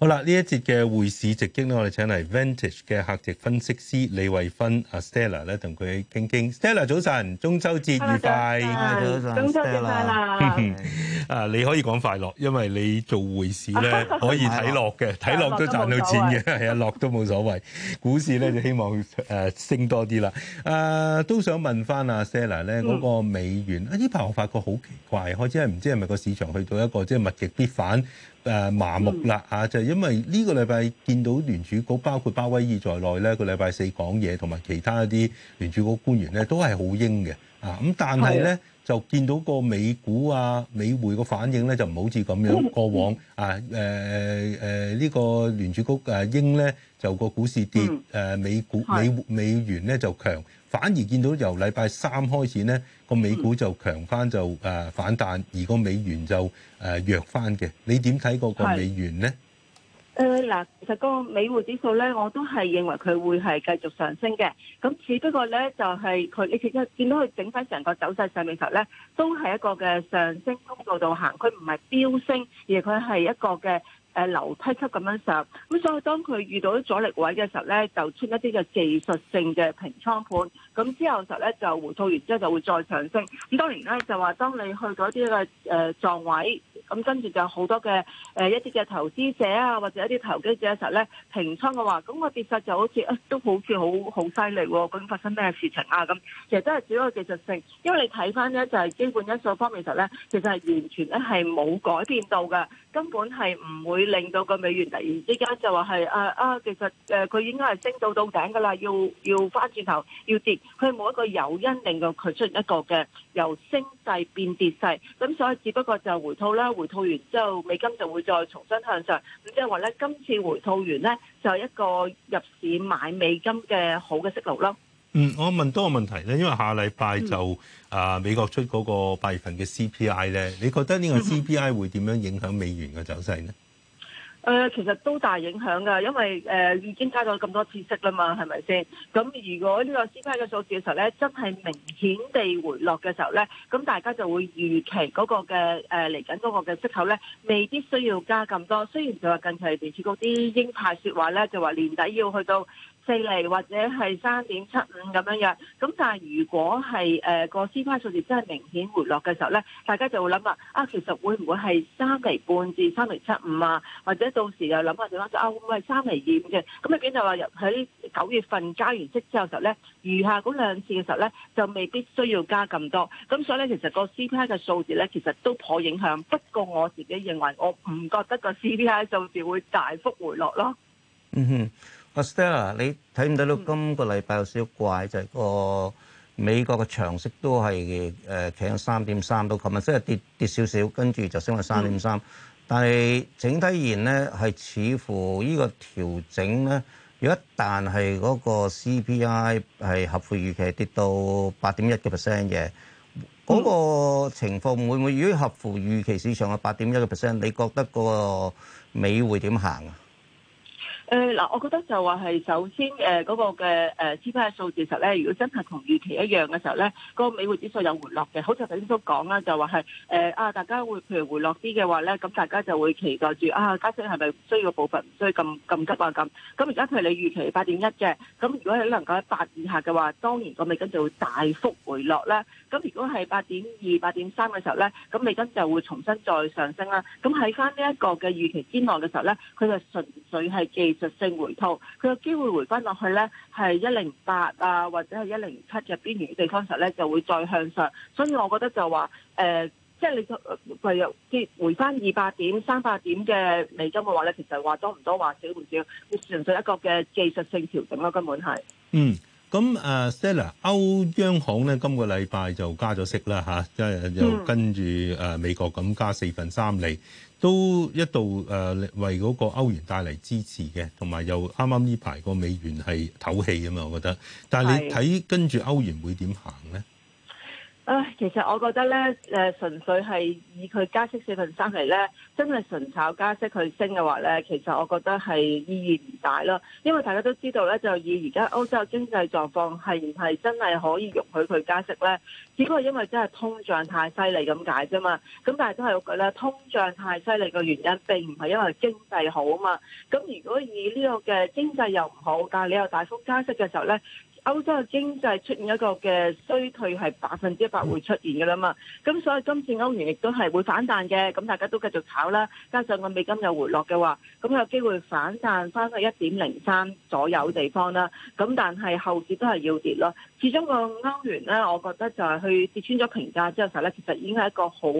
好啦，呢一節嘅匯市直擊咧，我哋請嚟 Vantage 嘅客席分析師李慧芬阿 Stella 咧，同佢傾傾。Stella 早晨，中秋節愉快！Hello, 早晨安中秋節快樂！啊 Stella，是 你可以講快樂，因為你做匯市咧 可以睇落嘅，睇落都賺到錢嘅，係啊，落都冇所謂。股市咧就希望誒、呃、升多啲啦。誒、呃、都想問翻阿、啊、Stella 咧嗰、那個美元，呢排、嗯啊、我發覺好奇怪，我始係唔知係咪個市場去到一個即係、就是、物極必反。誒麻木啦嚇，就係因為呢個禮拜見到聯儲局包括鮑威爾在內咧，呢個禮拜四講嘢，同埋其他一啲聯儲局官員咧，都係好鷹嘅啊，咁但係咧。就見到個美股啊、美匯個反應咧，就唔好似咁樣 過往啊。誒誒呢個聯儲局誒、啊、英咧，就個股市跌，誒、啊、美股美美元咧就強，反而見到由禮拜三開始咧，個美股就強返就誒反彈，而個美元就誒弱返嘅。你點睇嗰個美元咧？ 誒嗱、呃，其實個美匯指數咧，我都係認為佢會係繼續上升嘅。咁只不過咧，就係、是、佢你其實見到佢整體成個走勢上面時候咧，都係一個嘅上升通道度行，佢唔係飆升，而佢係一個嘅誒樓梯級咁樣上。咁所以當佢遇到咗阻力位嘅時候咧，就出一啲嘅技術性嘅平倉盤。咁之後就咧就回吐完之後就會再上升。咁當然咧就話，當你去嗰啲嘅誒撞位。咁跟住就好多嘅誒、呃、一啲嘅投資者啊，或者一啲投機者嘅時候咧平倉嘅話，咁個跌勢就好似啊都好似好好犀利喎，究竟發生咩事情啊？咁、那個、其實都係主要係技術性，因為你睇翻咧就係、是、基本因素方面時候咧，其實係完全咧係冇改變到嘅。根本係唔會令到個美元突然之間就話係誒啊，其實誒佢應該係升到到頂噶啦，要要翻轉頭要跌，佢冇一個誘因令到佢出一個嘅由升勢變跌勢，咁所以只不過就回吐啦，回吐完之後美金就會再重新向上，咁即係話咧，今次回吐完咧就係一個入市買美金嘅好嘅息流咯。嗯，我問多個問題咧，因為下個禮拜就、嗯、啊美國出嗰、那個八月份嘅 CPI 咧，CP I，你覺得呢個 CPI 會點樣影響美元嘅走勢呢？誒、呃，其實都大影響噶，因為誒、呃、已經加咗咁多次息啦嘛，係咪先？咁如果呢個 CPI 嘅數字嘅時候咧，真係明顯地回落嘅時候咧，咁大家就會預期嗰個嘅誒嚟緊嗰個嘅息口咧，未必需要加咁多。雖然就話近期聯儲局啲鷹派説話咧，就話年底要去到，四厘或者係三點七五咁樣樣，咁但係如果係誒個 CPI 數字真係明顯回落嘅時候咧，大家就會諗啊，啊其實會唔會係三厘半至三厘七五啊？或者到時又諗下點樣，啊會唔會係三厘二五嘅？咁一邊就話喺九月份加完息之後嘅時候咧，餘下嗰兩次嘅時候咧，就未必需要加咁多。咁所以咧，其實個 CPI 嘅數字咧，其實都頗影響。不過我自己認為，我唔覺得個 CPI 數字會大幅回落咯。嗯哼。Stella，你睇唔睇到今個禮拜有少少怪，就係、是、個美國嘅長息都係誒企喺三點三度。琴、呃、日即係跌跌少少，跟住就升到三點三。但係整體而言咧，係似乎依個調整咧，如果一旦係嗰個 CPI 係合乎預期跌到八點一嘅 percent 嘅，嗰、那個情況會唔會如果合乎預期市場嘅八點一嘅 percent，你覺得個美匯點行啊？誒嗱、呃，我覺得就話係首先誒嗰、呃那個嘅誒指標數字，其實咧，如果真係同預期一樣嘅時候咧，個美匯指數有回落嘅。好似頭先都講啦，就話係誒啊，大家會譬如回落啲嘅話咧，咁大家就會期待住啊，加息係咪需要部分唔需要咁咁急啊咁。咁而家佢你預期八點一嘅，咁如果係能夠喺八以下嘅話，當然個美金就會大幅回落啦。咁如果係八點二、八點三嘅時候咧，咁美金就會重新再上升啦。咁喺翻呢一個嘅預期之內嘅時候咧，佢就純粹係記技術性回吐，佢嘅機會回翻落去呢係一零八啊，或者係一零七嘅邊緣嘅地方時咧，就會再向上。所以我覺得就話，誒，即係你譬如跌回翻二百點、三百點嘅美金嘅話呢，其實話多唔多，話少唔少，純粹一個嘅技術性調整咯，根本係。嗯。咁誒，Sir，歐央行咧今個禮拜就加咗息啦嚇，即、啊、係就跟住誒美國咁加四分三厘，都一度誒為嗰個歐元帶嚟支持嘅，同埋又啱啱呢排個美元係唞氣啊嘛，我覺得。但係你睇跟住歐元會點行咧？唉，其實我覺得咧，誒、呃、純粹係以佢加息四分三嚟咧，真係純炒加息佢升嘅話咧，其實我覺得係意義唔大咯。因為大家都知道咧，就以而家歐洲嘅經濟狀況係唔係真係可以容許佢加息咧？只不過因為真係通脹太犀利咁解啫嘛。咁但係都係嗰句咧，通脹太犀利嘅原因並唔係因為經濟好啊嘛。咁如果以呢個嘅經濟又唔好，但係你又大幅加息嘅時候咧？歐洲嘅經濟出現一個嘅衰退係百分之一百會出現嘅啦嘛，咁所以今次歐元亦都係會反彈嘅，咁大家都繼續炒啦。加上個美金又回落嘅話，咁有機會反彈返去一點零三左右地方啦。咁但係後市都係要跌咯，始終個歐元咧，我覺得就係去跌穿咗平價之後實咧，其實已經係一個好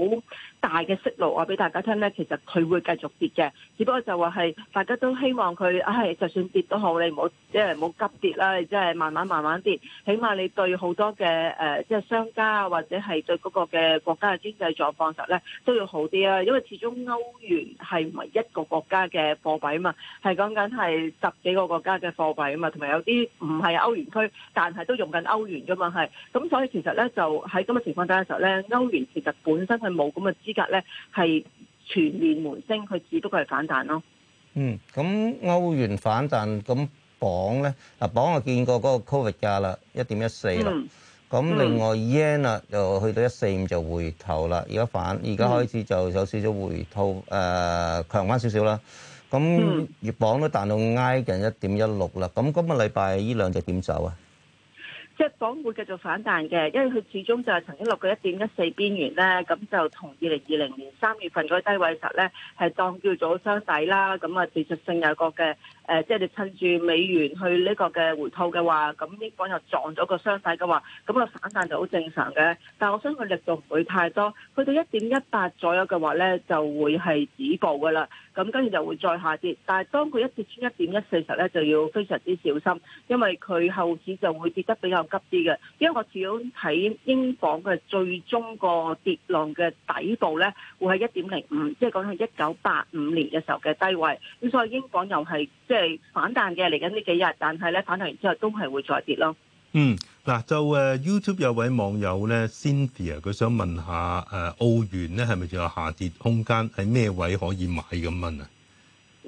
大嘅息率話俾大家聽咧，其實佢會繼續跌嘅，只不過就話係大家都希望佢，唉、哎，就算跌都好，你唔好即係唔好急跌啦，你即係慢慢慢慢跌，起碼你對好多嘅誒，即、呃、係、就是、商家啊，或者係對嗰個嘅國家嘅經濟狀況時候咧都要好啲啊，因為始終歐元係唔係一個國家嘅貨幣啊嘛，係講緊係十幾個國家嘅貨幣啊嘛，同埋有啲唔係歐元區，但係都用緊歐元噶嘛，係，咁所以其實咧就喺咁嘅情況底下時候咧，歐元其實本身係冇咁嘅。資格咧係全面回升，佢只不過係反彈咯。嗯，咁歐元反彈，咁鎊咧嗱，鎊我見過嗰個 COVID 價啦，一點一四啦。嗯。咁另外 yen 啊，又去到一四五就回頭啦，而家反，而家開始就有少少回吐，誒，強翻少少啦。咁月鎊都彈到挨近一點一六啦。咁今個禮拜呢兩隻點走啊？即係講會繼續反彈嘅，因為佢始終就係曾經落過一點一四邊緣咧，咁就同二零二零年三月份嗰低位實咧係當叫做雙底啦，咁啊技術性有個嘅。誒，即係你趁住美元去呢個嘅回吐嘅話，咁英鎊又撞咗個雙底嘅話，咁個反彈就好正常嘅。但係我相信佢力度唔會太多，去到一點一八左右嘅話咧，就會係止步噶啦。咁跟住就會再下跌。但係當佢一跌穿一點一四時咧，就要非常之小心，因為佢後市就會跌得比較急啲嘅。因為我始終睇英鎊嘅最終個跌浪嘅底部咧，會喺一點零五，即係講係一九八五年嘅時候嘅低位。咁所以英鎊又係即係。係反彈嘅，嚟緊呢幾日，但係咧反彈完之後都係會再跌咯。嗯，嗱就誒 YouTube 有位網友咧，Cynthia 佢想問下誒澳元咧係咪仲有下跌空間？喺咩位可以買咁問啊？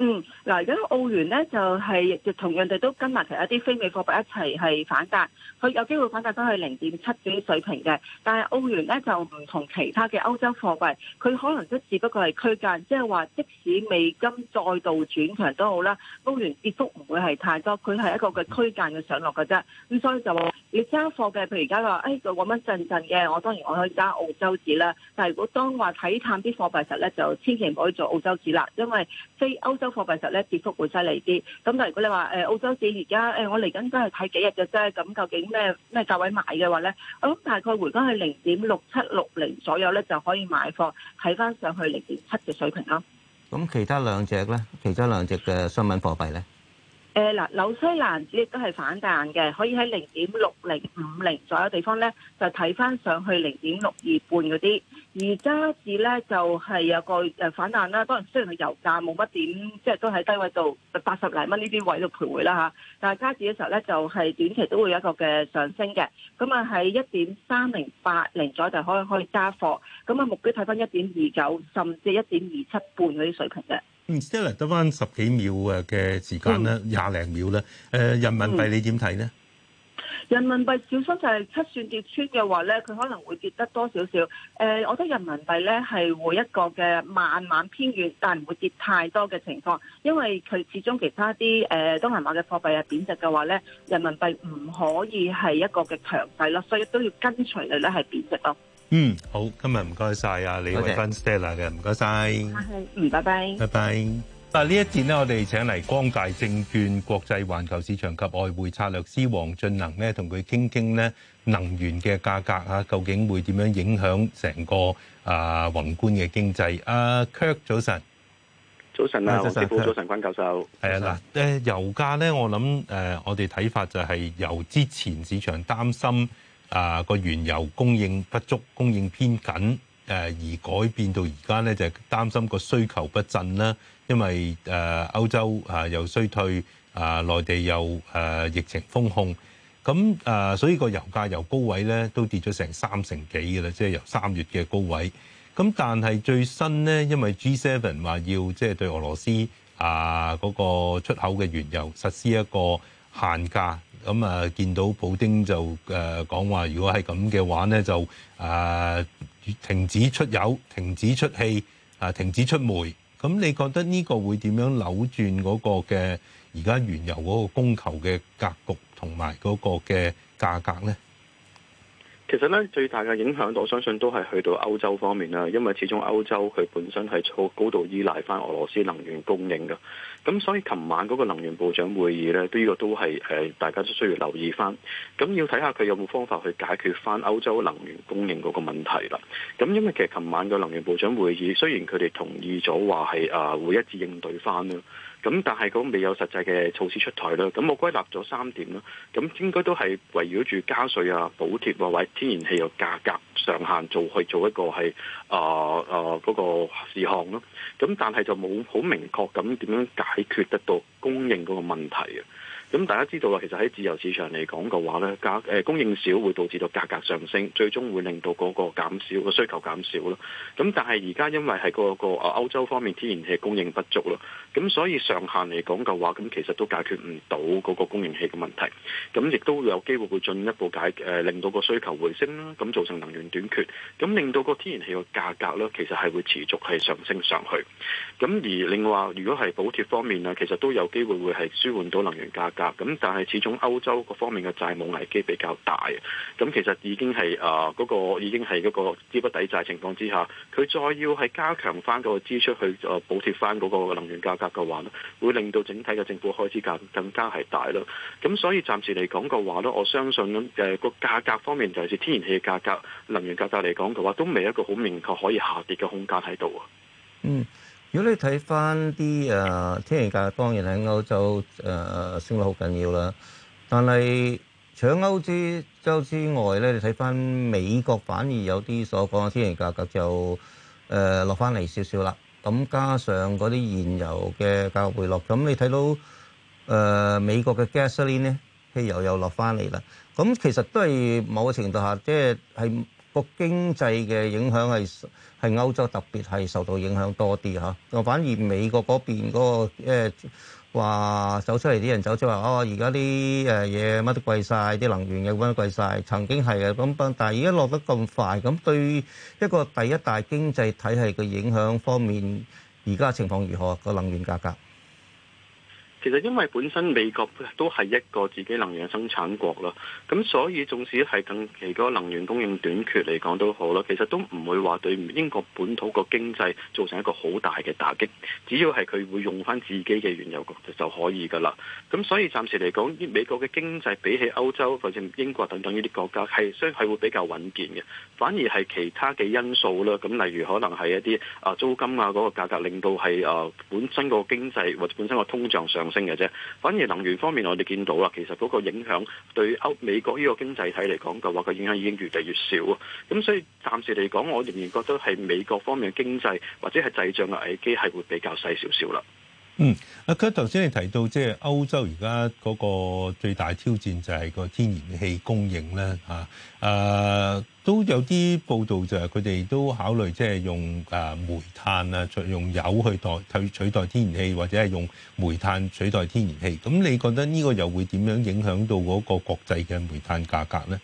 嗯，嗱，而家澳元咧就係、是、亦同樣哋都跟埋其他啲非美貨幣一齊係反彈，佢有機會反彈翻去零點七嗰水平嘅。但係澳元咧就唔同其他嘅歐洲貨幣，佢可能都只不過係區間，即係話即使美金再度轉強都好啦，澳元跌幅唔會係太多，佢係一個嘅區間嘅上落㗎啫。咁所以就你揸貨嘅，譬如而家話，哎，就咁樣陣陣嘅，我當然我可以揸澳洲紙啦。但係如果當話睇淡啲貨幣實咧，就千祈唔可以做澳洲紙啦，因為非歐洲貨幣實咧跌幅會犀利啲，咁但係如果你話誒澳洲市而家誒我嚟緊都係睇幾日嘅啫，咁究竟咩咩價位買嘅話咧，我諗大概回歸係零點六七六零左右咧就可以買貨，睇翻上去零點七嘅水平啦。咁其他兩隻咧，其他兩隻嘅商品貨幣咧？誒，嗱、呃，紐西蘭紙亦都係反彈嘅，可以喺零點六零五零左右地方咧，就睇返上去零點六二半嗰啲。而加字咧就係、是、有個誒反彈啦，當然雖然佢油價冇乜點，即係都喺低位度八十嚟蚊呢啲位度徘徊啦吓、啊。但係加字嘅時候咧，就係、是、短期都會有一個嘅上升嘅。咁啊喺一點三零八零左右就可以可以加貨。咁啊目標睇返一點二九，甚至一點二七半嗰啲水平嘅。得返十幾秒嘅嘅時間啦，廿零、嗯、秒啦。誒，人民幣你點睇呢？人民幣小心就係七算跌穿嘅話咧，佢可能會跌得多少少。誒、呃，我覺得人民幣咧係會一個嘅慢慢偏軟，但唔會跌太多嘅情況，因為佢始終其他啲誒、呃、東南亞嘅貨幣啊貶值嘅話咧，人民幣唔可以係一個嘅強勢咯，所以都要跟隨佢咧係貶值咯。嗯，好，今日唔該晒啊，李慧芬 Stella 嘅，唔該晒。嗯，拜拜。拜拜。嗱，呢一節咧，我哋請嚟光大證券國際環球市場及外匯策略師黃俊能咧，同佢傾傾咧能源嘅價格啊，究竟會點樣影響成個啊宏觀嘅經濟？啊，Kirk，早晨。早晨啊，好，早晨，關教授。係啊，誒，油價咧，我諗誒，我哋睇法就係由之前市場擔心。啊，個原油供應不足、供應偏緊，誒而改變到而家咧，就擔心個需求不振啦。因為誒歐洲啊又衰退，啊內地又誒疫情封控，咁啊所以個油價由高位咧都跌咗成三成幾嘅啦，即係由三月嘅高位。咁但係最新咧，因為 G7 話要即係對俄羅斯啊嗰個出口嘅原油實施一個限價咁，啊見到普丁就誒講話，如果係咁嘅話咧，就啊、呃、停止出油、停止出氣、啊、呃、停止出煤。咁你覺得呢個會點樣扭轉嗰個嘅而家原油嗰個供求嘅格局同埋嗰個嘅價格咧？其實咧，最大嘅影響，我相信都係去到歐洲方面啦，因為始終歐洲佢本身係好高度依賴翻俄羅斯能源供應嘅，咁所以琴晚嗰個能源部長會議咧，呢、這個都係誒、呃，大家都需要留意翻，咁要睇下佢有冇方法去解決翻歐洲能源供應嗰個問題啦。咁因為其實琴晚嘅能源部長會議，雖然佢哋同意咗話係誒會一致應對翻咯。咁但係嗰未有實際嘅措施出台咯，咁我歸納咗三點咯，咁應該都係圍繞住加稅啊、補貼、啊、或者天然氣嘅價格上限做去做一個係啊啊嗰個事項咯，咁但係就冇好明確咁點樣解決得到供應嗰個問題啊。咁大家知道啦，其實喺自由市場嚟講嘅話咧，價誒、呃、供應少會導致到價格上升，最終會令到嗰個減少個需求減少咯。咁但係而家因為係嗰、嗰個啊歐洲方面天然氣供應不足咯，咁所以上限嚟講嘅話，咁其實都解決唔到嗰個供應氣嘅問題。咁亦都有機會會進一步解誒、呃、令到個需求回升啦，咁造成能源短缺，咁令到個天然氣嘅價格咧，其實係會持續係上升上去。咁而另外，如果係補貼方面啊，其實都有機會會係舒緩到能源價格。咁但係始終歐洲各方面嘅債務危機比較大，咁其實已經係誒嗰個已經係嗰個資不抵債情況之下，佢再要係加強翻嗰個支出去誒補貼翻嗰個能源價格嘅話，咧會令到整體嘅政府開支價更更加係大咯。咁所以暫時嚟講嘅話咧，我相信誒個價格方面，就係天然氣嘅價格、能源價格嚟講嘅話，都未一個好明確可以下跌嘅空間喺度啊。嗯。如果你睇翻啲誒天然價格，當然喺歐洲誒升得好緊要啦。但係除咗歐洲之外咧，你睇翻美國反而有啲所講嘅天然價格就誒落翻嚟少少啦。咁加上嗰啲燃油嘅價格回落，咁你睇到誒美國嘅 gasoline 咧，汽油又落翻嚟啦。咁其實都係某個程度下，即係係。個經濟嘅影響係係歐洲特別係受到影響多啲吓，就反而美國嗰邊嗰個誒話走出嚟啲人走出話，哦而家啲誒嘢乜都貴晒，啲能源嘅乜都貴晒，曾經係呀咁，但係而家落得咁快，咁對一個第一大經濟體系嘅影響方面，而家情況如何個能源價格？其實因為本身美國都係一個自己能源生產國啦，咁所以縱使係近期嗰個能源供應短缺嚟講都好啦，其實都唔會話對英國本土個經濟造成一個好大嘅打擊。只要係佢會用翻自己嘅原油國就可以㗎啦。咁所以暫時嚟講，美國嘅經濟比起歐洲或者英國等等呢啲國家係相係會比較穩健嘅。反而係其他嘅因素啦，咁例如可能係一啲啊租金啊嗰、那個價格令到係啊、呃、本身個經濟或者本身個通脹上。升嘅啫，反而能源方面我哋見到啦，其實嗰個影響對歐美國呢個經濟體嚟講嘅話，個影響已經越嚟越少啊。咁所以暫時嚟講，我仍然覺得係美國方面嘅經濟或者係滯脹嘅危機係會比較細少少啦。嗯，啊，佢頭先你提到即係歐洲而家嗰個最大挑戰就係個天然氣供應咧，嚇、啊，誒都有啲報道就係佢哋都考慮即係用誒煤炭啊，用油去代取取代天然氣，或者係用煤炭取代天然氣。咁你覺得呢個又會點樣影響到嗰個國際嘅煤炭價格咧？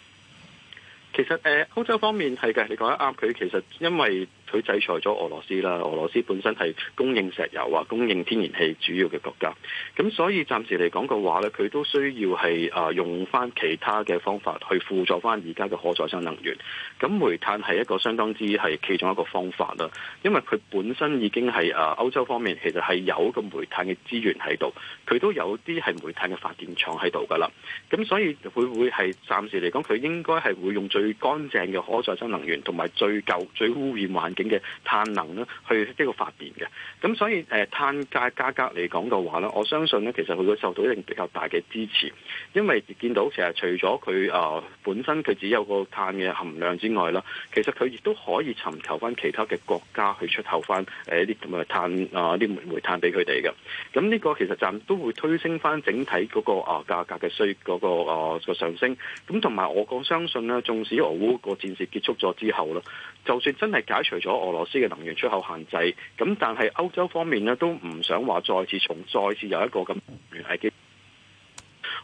其實誒，歐洲方面係嘅，你講得啱。佢其實因為佢制裁咗俄羅斯啦，俄羅斯本身係供應石油啊、供應天然氣主要嘅國家，咁所以暫時嚟講嘅話咧，佢都需要係啊用翻其他嘅方法去輔助翻而家嘅可再生能源。咁煤炭係一個相當之係其中一個方法啦，因為佢本身已經係啊，歐洲方面其實係有個煤炭嘅資源喺度，佢都有啲係煤炭嘅發電廠喺度噶啦，咁所以會唔會係暫時嚟講，佢應該係會用最最乾淨嘅可再生能源，同埋最舊、最污染環境嘅碳能咧，去一個發電嘅。咁所以誒，碳價價格嚟講嘅話咧，我相信咧，其實佢會受到一定比較大嘅支持，因為見到其實除咗佢啊本身佢只有個碳嘅含量之外啦，其實佢亦都可以尋求翻其他嘅國家去出口翻誒啲咁嘅碳啊，啲、呃、煤煤炭俾佢哋嘅。咁呢個其實暫都會推升翻整體嗰個啊價格嘅需嗰個、呃、上升。咁同埋我講相信呢，縱俄烏個戰事結束咗之後啦，就算真係解除咗俄羅斯嘅能源出口限制，咁但係歐洲方面咧都唔想話再次重，再次有一個咁能源危機，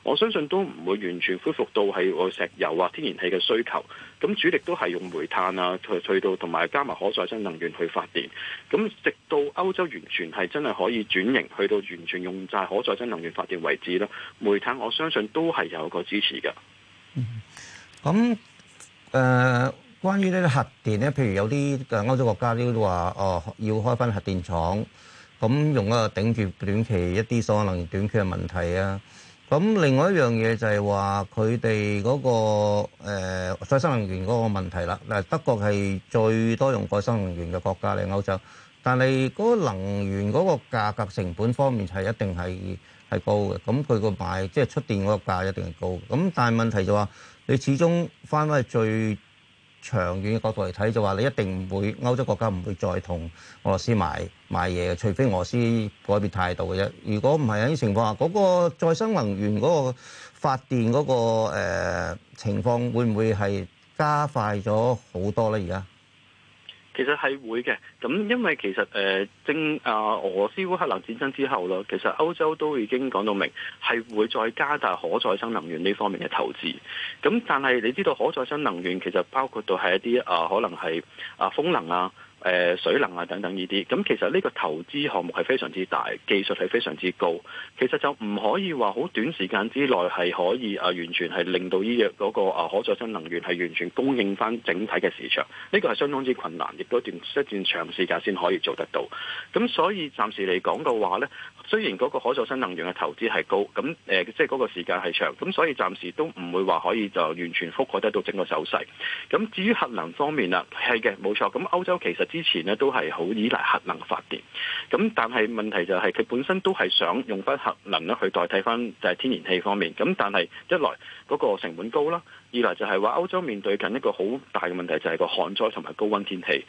我相信都唔會完全恢復到係俄石油啊天然氣嘅需求，咁主力都係用煤炭啊去去到同埋加埋可再生能源去發電，咁直到歐洲完全係真係可以轉型去到完全用晒可再生能源發電為止啦，煤炭我相信都係有個支持嘅，咁。誒、呃，關於咧核電咧，譬如有啲誒歐洲國家咧都話，哦要開翻核電廠，咁、嗯、用一個頂住短期一啲所謂能源短缺嘅問題啊。咁、嗯、另外一樣嘢就係話佢哋嗰個再生、呃、能源嗰個問題啦。嗱，德國係最多用再生能源嘅國家嚟歐洲，但係嗰個能源嗰個價格成本方面係一定係係高嘅。咁佢個賣即係出電嗰個價一定係高。咁、嗯、但係問題就話、是。你始終翻翻去最長遠嘅角度嚟睇，就話、是、你一定唔會歐洲國家唔會再同俄羅斯買買嘢嘅，除非俄羅斯改變態度嘅啫。如果唔係有啲情況下，嗰、嗰個再生能源嗰個發電嗰、嗰個、呃、情況會唔會係加快咗好多咧？而家？其實係會嘅，咁因為其實誒，正啊，俄羅斯烏克蘭戰爭之後咯，其實歐洲都已經講到明，係會再加大可再生能源呢方面嘅投資。咁但係你知道可再生能源其實包括到係一啲啊，可能係啊風能啊。誒水能啊等等呢啲，咁其實呢個投資項目係非常之大，技術係非常之高，其實就唔可以話好短時間之內係可以啊完全係令到呢個啊可再生能源係完全供應翻整體嘅市場，呢、這個係相當之困難，亦都一段一段長時間先可以做得到。咁所以暫時嚟講嘅話咧。雖然嗰個可再生能源嘅投資係高，咁誒即係嗰個時間係長，咁所以暫時都唔會話可以就完全覆蓋得到整個手勢。咁至於核能方面啦，係嘅，冇錯。咁歐洲其實之前呢都係好依賴核能發電，咁但係問題就係佢本身都係想用翻核能咧去代替翻就係天然氣方面。咁但係一來嗰個成本高啦。二來就係話，歐洲面對緊一個好大嘅問題，就係、是、個旱災同埋高溫天氣。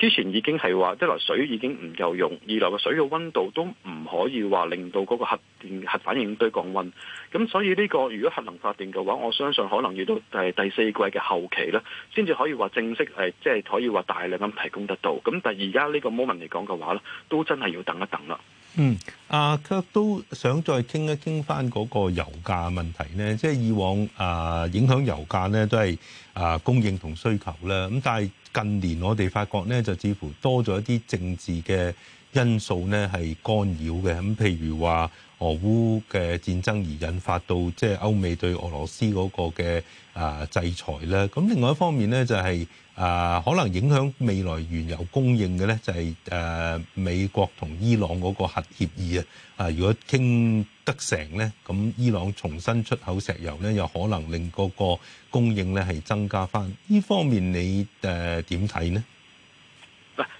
之前已經係話，一來水已經唔夠用，二來個水嘅溫度都唔可以話令到嗰個核電核反應堆降溫。咁所以呢、這個如果核能發電嘅話，我相信可能要到第第四季嘅後期咧，先至可以話正式誒，即、呃、係、就是、可以話大量咁提供得到。咁但係而家呢個 moment 嚟講嘅話咧，都真係要等一等啦。嗯，啊，佢都想再傾一傾翻嗰個油價問題咧。即係以往啊，影響油價咧都係啊供應同需求啦。咁但係近年我哋發覺咧，就似乎多咗一啲政治嘅因素咧，係干擾嘅。咁譬如話。俄烏嘅戰爭而引發到，即係歐美對俄羅斯嗰個嘅啊制裁啦。咁另外一方面呢，就係啊可能影響未來原油供應嘅呢，就係誒美國同伊朗嗰個核協議啊啊，如果傾得成呢，咁伊朗重新出口石油呢，又可能令嗰個供應呢係增加返，呢方面你誒點睇呢？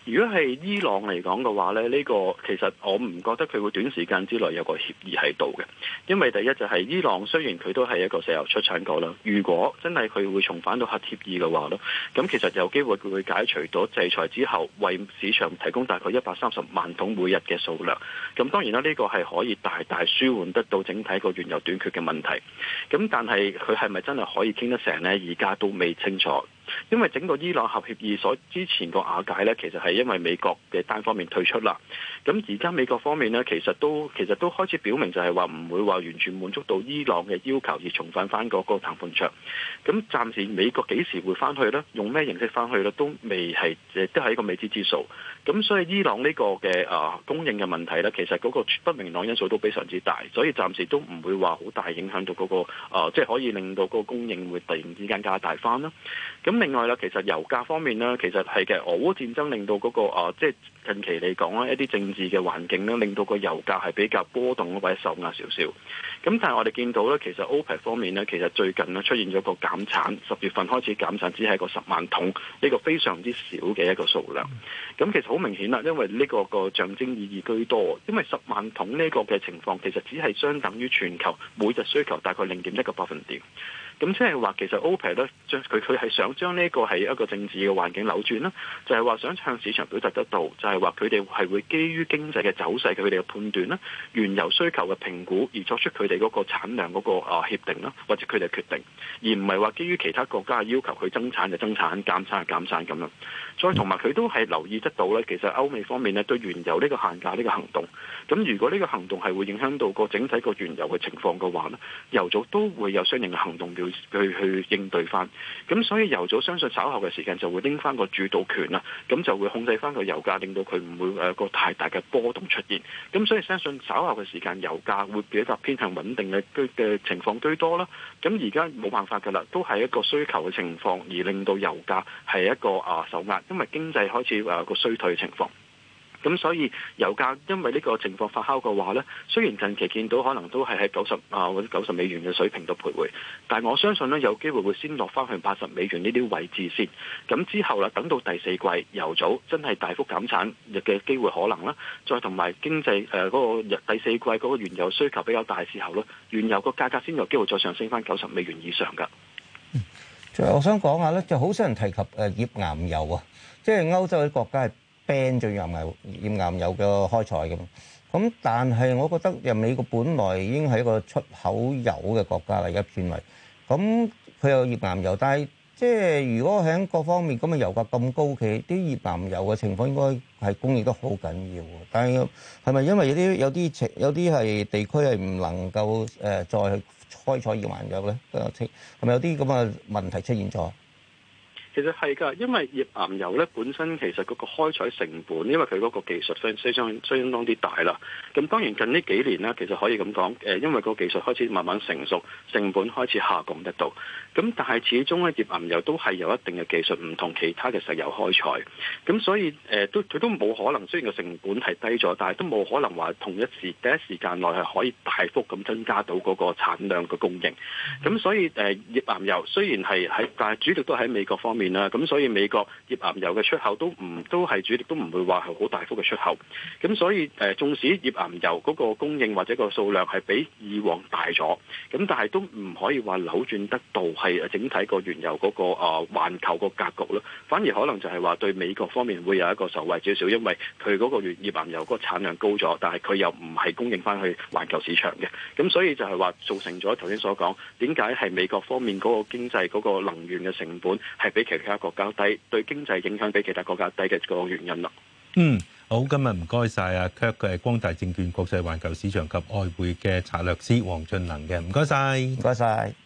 如果係伊朗嚟講嘅話咧，呢個其實我唔覺得佢會短時間之內有個協議喺度嘅，因為第一就係伊朗雖然佢都係一個石油出產國啦，如果真係佢會重返到核協議嘅話咧，咁其實有機會佢會解除到制裁之後，為市場提供大概一百三十萬桶每日嘅數量，咁當然啦，呢個係可以大大舒緩得到整體個原油短缺嘅問題，咁但係佢係咪真係可以傾得成呢？而家都未清楚。因為整個伊朗核協議所之前個瓦解呢，其實係因為美國嘅單方面退出啦。咁而家美國方面呢，其實都其實都開始表明就係話唔會話完全滿足到伊朗嘅要求而重返翻嗰個談判桌。咁暫時美國幾時會翻去呢？用咩形式翻去呢？都未係亦都係一個未知之數。咁所以伊朗呢個嘅啊、呃、供應嘅問題呢，其實嗰個不明朗因素都非常之大，所以暫時都唔會話好大影響到嗰、嗰個啊即係可以令到嗰個供應會突然之間加大翻啦。咁另外啦，其實油價方面咧，其實係嘅。俄烏戰爭令到嗰個啊、呃，即係近期嚟講咧，一啲政治嘅環境咧，令到個油價係比較波動或者受壓少少。咁但係我哋見到咧，其實歐 p 方面咧，其實最近咧出現咗個減產，十月份開始減產，只係個十萬桶，呢、這個非常之少嘅一個數量。咁其實好明顯啦，因為呢、這個、這個象徵意義居多，因為十萬桶呢個嘅情況，其實只係相等於全球每日需求大概零點一個百分點。咁即係話，其實 OPEC 咧，將佢佢係想將呢個係一個政治嘅環境扭轉啦，就係、是、話想向市場表達得到，就係話佢哋係會基於經濟嘅走勢，佢哋嘅判斷啦，原油需求嘅評估而作出佢哋嗰個產量嗰個啊協定啦，或者佢哋決定，而唔係話基於其他國家嘅要求佢增產就增產，減產就減產咁樣。所以同埋佢都係留意得到咧，其實歐美方面咧對原油呢個限價呢個行動，咁如果呢個行動係會影響到個整體個原油嘅情況嘅話呢，油組都會有相應嘅行動表。去去應對翻，咁所以油組相信稍後嘅時間就會拎翻個主導權啦，咁就會控制翻個油價令到佢唔會誒個太大嘅波動出現，咁所以相信稍後嘅時間油價會比較偏向穩定嘅嘅情況居多啦。咁而家冇辦法噶啦，都係一個需求嘅情況，而令到油價係一個啊受壓，因為經濟開始誒個衰退嘅情況。咁所以油價因為呢個情況發酵嘅話呢，雖然近期見到可能都係喺九十啊，或者九十美元嘅水平度徘徊，但我相信呢，有機會會先落翻去八十美元呢啲位置先。咁之後啦，等到第四季油組真係大幅減產嘅機會可能啦，再同埋經濟誒嗰個第四季嗰個原油需求比較大時候呢，原油個價格先有機會再上升翻九十美元以上噶。嗯，我想講下呢，就好少人提及誒頁岩油啊，即係歐洲嘅國家。Band 原油、頁岩油嘅開採咁，咁但係我覺得又美國本來已經係一個出口油嘅國家啦，而家轉為咁佢有頁岩油，但係即係如果喺各方面咁嘅油價咁高企，啲頁岩油嘅情況應該係供應得好緊要嘅。但係係咪因為有啲有啲情有啲係地區係唔能夠誒再去開採頁岩油咧？啊，係咪有啲咁嘅問題出現咗？其實係㗎，因為頁岩油咧本身其實嗰個開採成本，因為佢嗰個技術相相相當啲大啦。咁當然近呢幾年咧，其實可以咁講，誒，因為個技術開始慢慢成熟，成本開始下降得到。咁但係始終咧，頁岩油都係有一定嘅技術唔同其他嘅石油開採。咁所以誒、呃，都佢都冇可能，雖然個成本係低咗，但係都冇可能話同一時第一時間內係可以大幅咁增加到嗰個產量嘅供應。咁所以誒，呃、頁岩油雖然係喺，但係主力都喺美國方面。咁、嗯、所以美國頁岩油嘅出口都唔都係主力，都唔會話係好大幅嘅出口。咁所以誒、呃，縱使頁岩油嗰個供應或者個數量係比以往大咗，咁但係都唔可以話扭轉得到係整體個原油嗰、那個啊、呃、環球個格局咯。反而可能就係話對美國方面會有一個受惠少少，因為佢嗰個頁頁岩油嗰個產量高咗，但係佢又唔係供應翻去環球市場嘅。咁所以就係話造成咗頭先所講，點解係美國方面嗰個經濟嗰個能源嘅成本係比其他國家低對經濟影響比其他國家低嘅個原因啦。嗯，好，今日唔該曬啊！Cap 嘅光大證券國際環球市場及外匯嘅策略師黃俊能嘅，唔該晒。唔該曬。謝謝。